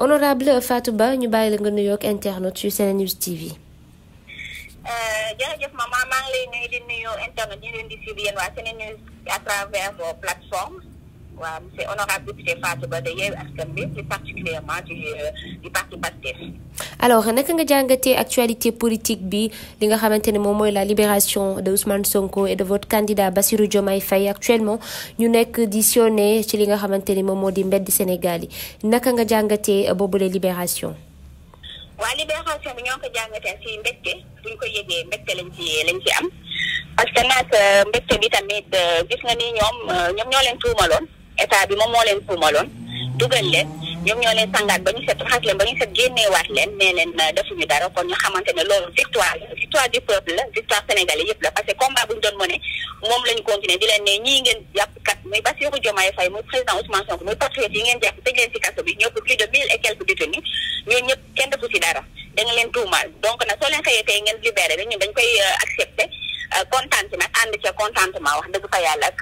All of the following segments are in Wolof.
honorable Fatou Ba ñu bàyyi la nga nuyoog internet yu Sene News TV. Euh, jërëjëf maman maa ngi lay nuyu di nuyu internet ñu leen di suivre yéen waa Sene News à travers vos plateformes. waaw monsieur honorable député Fatou Ba de Yewwi Askan plus particulièrement du euh, du parti Pastef alors nak nga jàngatee actualité politique bi li nga xamante mom moy la libération de Ousmane Sonko et de votre candidat Bassirou Diomaye Faye actuellement ñu nekk di ci li nga xamante mom modi moo di mbedd Sénégal yi naka nga jàngatee euh, boobule libération. wa libération bi ñoko ko ci mbégte buñ ko yégué mbégte lañ ci lañ ci am parce que nak euh, mbégte bi tamit gis nga ni ñom ñom ñoo leen état bi moom moo leen tuumaloon dugal leen ñoom ñoo leen sangaat ba ñu set raxas ba ñu set génneewaat leen nee leen euh, defuñu dara kon ñu xamante ne loolu victoire victoire du peuple la victoire sénégalais yëpp la parce que combat bu ñu doon mëne moom la continuer di leen ne ñii ngeen jàpp kat muy Bassirou Diomaye Faye muy président Ousmane Sonko muy patriote yi ngeen jàpp tëj leen si kaso bi ñëpp plus de mille et quelques détenus ñooñu ñëpp kenn defu euh, euh, wax dëgg fa yàlla ak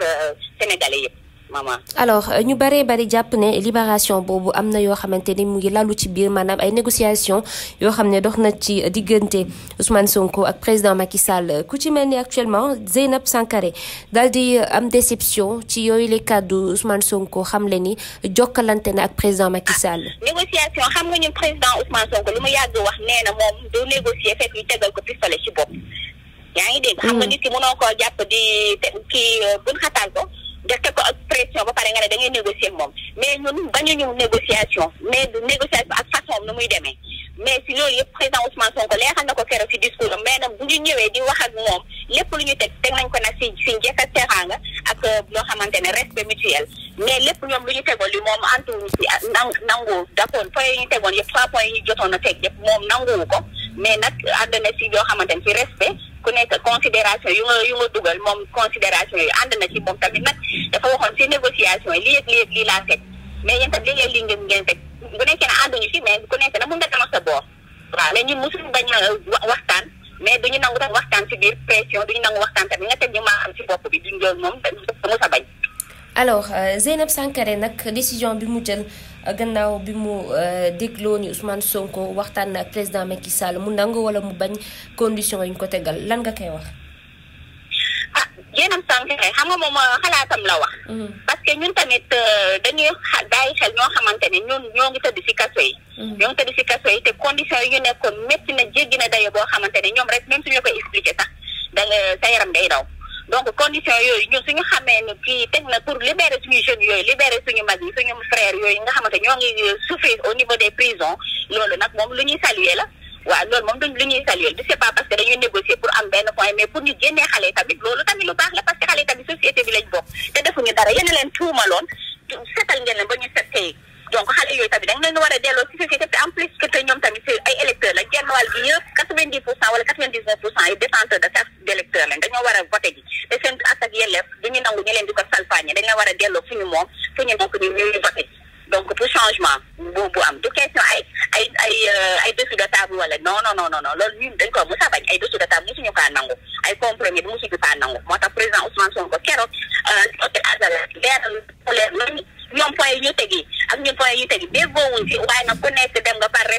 sénégalais yëpp maman alors euh, ñu bari bari japp né libération bobu amna yo xamanteni mu ngi lalu ci bir manam ay négociation yo xamné ne dox na ci digënté Ousmane Sonko ak président Macky Sall ku ci melni actuellement Zainab Sankaré daldi euh, am déception ci yoy les kàddu Ousmane Sonko xam le ni jokkalante na ak président Macky Sall. Ah, négociation xam nga ñu président Ousmane Sonko lu mu yàgg wax nee na moom négocier fekk ñu tégal ko pistolet ci bop yaa ngi dégg. xam nga mm. nit ki mënoo koo jàpp di kii euh, buñ xatal ko pression ba négocier mom mais ñun ñu négociation mais du négociation ak façon mais si loolu président Ousmane Sonko discours mais bu ñu di wax ak lépp lu ñu nañ ko euh, respect mutuel mais lépp ñoom lu ñu tegoon li moom ah, d'accord point ñu tegoon trois points yi ñu jotoon mais si respect ku nekk considération yu nga yu nga dugal moom considération yi ànd na ci moom tamit nag dafa waxoon ci négociation yi lii ak lii ak lii laa teg mais yéen tam li ngeen li ngeen ngeen teg bu nekkee ne nekk nag mun nga demal sa boor waaw mais ñun mosuñu bañ a waxtaan mais duñu nangu tam waxtaan ci biir pression duñu nangu waxtaan tamit nga teg ñu maa xam ci bopp bi duñ loolu moom mu sa bañ alors euh, Zeynab Sankare nag décision bi mu jël euh, gannaaw bi mu euh, dégloo ni Ousmane Sonko waxtaan na ak président Macky Sall mu nangu wala mu bañ condition yi ñu ko tegal lan nga koy wax. ah Zeynab Sankare xam nga moom xalaatam la wax. Mhm. parce que ñun tamit dañuy xa bàyyi xel ñoo xamante ne ñun ñoo ngi tëdd ci kaso yi. Mhm. ñoo ngi tëdd ci kaso yi te condition yi ñu nekkoon métti na jéggi na dayo boo xamante ne ñoom rek même suñu ko expliqué sax da nga sa yaram day daw. donc condition yoy ñu suñu xamee ne kii teg na pour libérer suñu jeune yoy libérer suñu mag yi suñu frère yoy nga xamante ñoo ngi euh, souffrir au niveau des prisons lolu nak mom luñuy saluer la wa lolu mom duñ lu saluer du c'est pas parce que dañuy négocier pour am ben point mais pour ñu génné xalé tamit lolu tamit lu baax la parce que xalé tamit société bi lañ bokk te defuñu dara yéen len leen tuumaloon setal ngeen leen ba ñu set donc xalé yoy tamit dañ leen wara délo ci société 90% pour wala de d'électeur lañ dañoo war a voté ji te seen ak yelleef di ko dañ donc pour changement bu bu am du question euh, non non non non loolu ñun dañ ko mos bañ ay de table mosuñu kaa ay compromis bi mosuñu président Ousmane Sonko euh,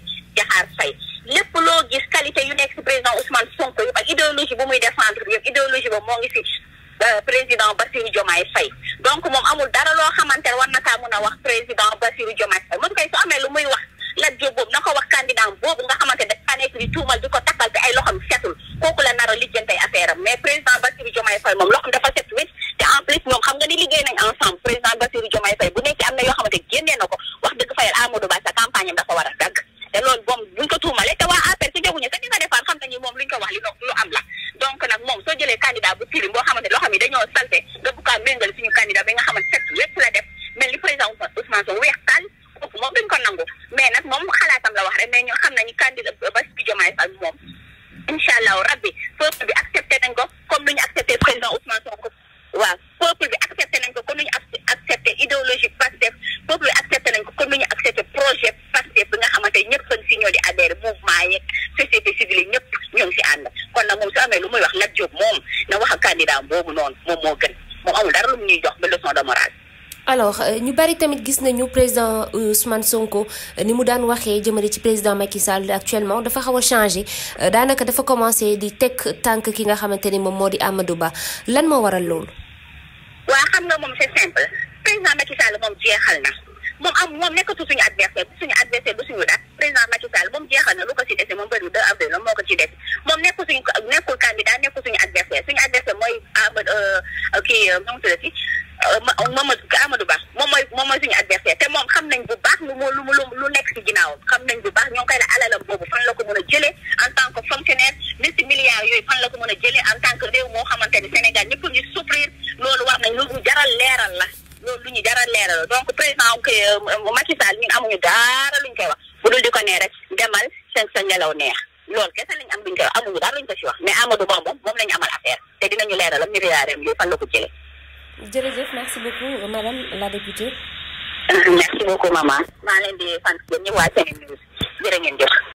ba moo ngi fi président Bassirou Diomaye Faye donc moom amul dara loo xamante war na kaa mun a wax président Bassirou Diomaye Faye moom kay su amee lu muy wax la Diop boobu na ko wax candidat boobu amee lu muy wax Lat Diop moom na wax ak candidat boobu noonu moom moo gën moom amul dara lu mu ñuy jox ba leçon de morale. alors euh, ñu bari tamit gis na ñu président euh, Ousmane Sonko euh, ni mu daan waxee jëmale ci président Macky Sall actuellement dafa xaw a changé daanaka dafa commencé di teg tànk ki nga xamante ni moom moo di Amadou Ba lan moo waral loolu. waa xam nga moom c'est simple président Macky moom jeexal na moom am moom nekkatu suñu adversaire kii nu mu tuddati Ba moom mooy moom mooy suñu adversaire te moom xam nañ bu baax lu mu lu mu lu nekk ci ginnaawam xam nañ bu baax ñoo koy la alalam boobu fan la ko mën a jëlee en tant que fonctionnaire misi milliards yooyu fan la ko mën a jëlee en tant que réew moo xamante Sénégal ñëpp ñu souffrir loolu war nañ lu jaral leeral la loolu lu ñu jaral leeral donc président que euh, Macky Sall ñun amuñu dara luñ koy wax bu dul di ko nee rek demal seen sa ngelaw te dinañu leeralal miliyaaram yi fan la ko jëlee. jërëjëf merci beaucoup madame la députée. Euh, merci beaucoup maman. maa leen di sant yéen ñëpp waa ngeen jëf.